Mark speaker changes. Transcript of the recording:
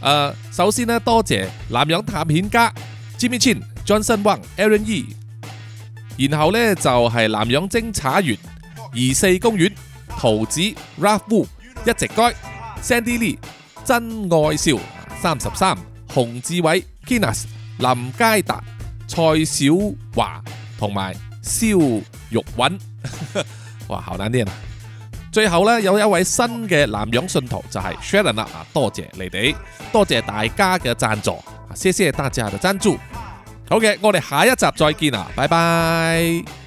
Speaker 1: 誒，首先咧多謝南洋探險家 Jimmy Chin、Johnson Wang、Aaron Yee，然後咧就係南洋偵查員怡四公園桃子 Ralph Wu、一直街 Sandy Lee、真愛笑三十三洪志偉 Kenas、林佳達蔡小華同埋蕭玉韻，哇，好難念。最後呢，有一位新嘅南洋信徒就係 Sharon 啦，啊，多謝你哋，多謝大家嘅贊助，啊，謝謝大家嘅贊助，好嘅，我哋下一集再見啦，拜拜。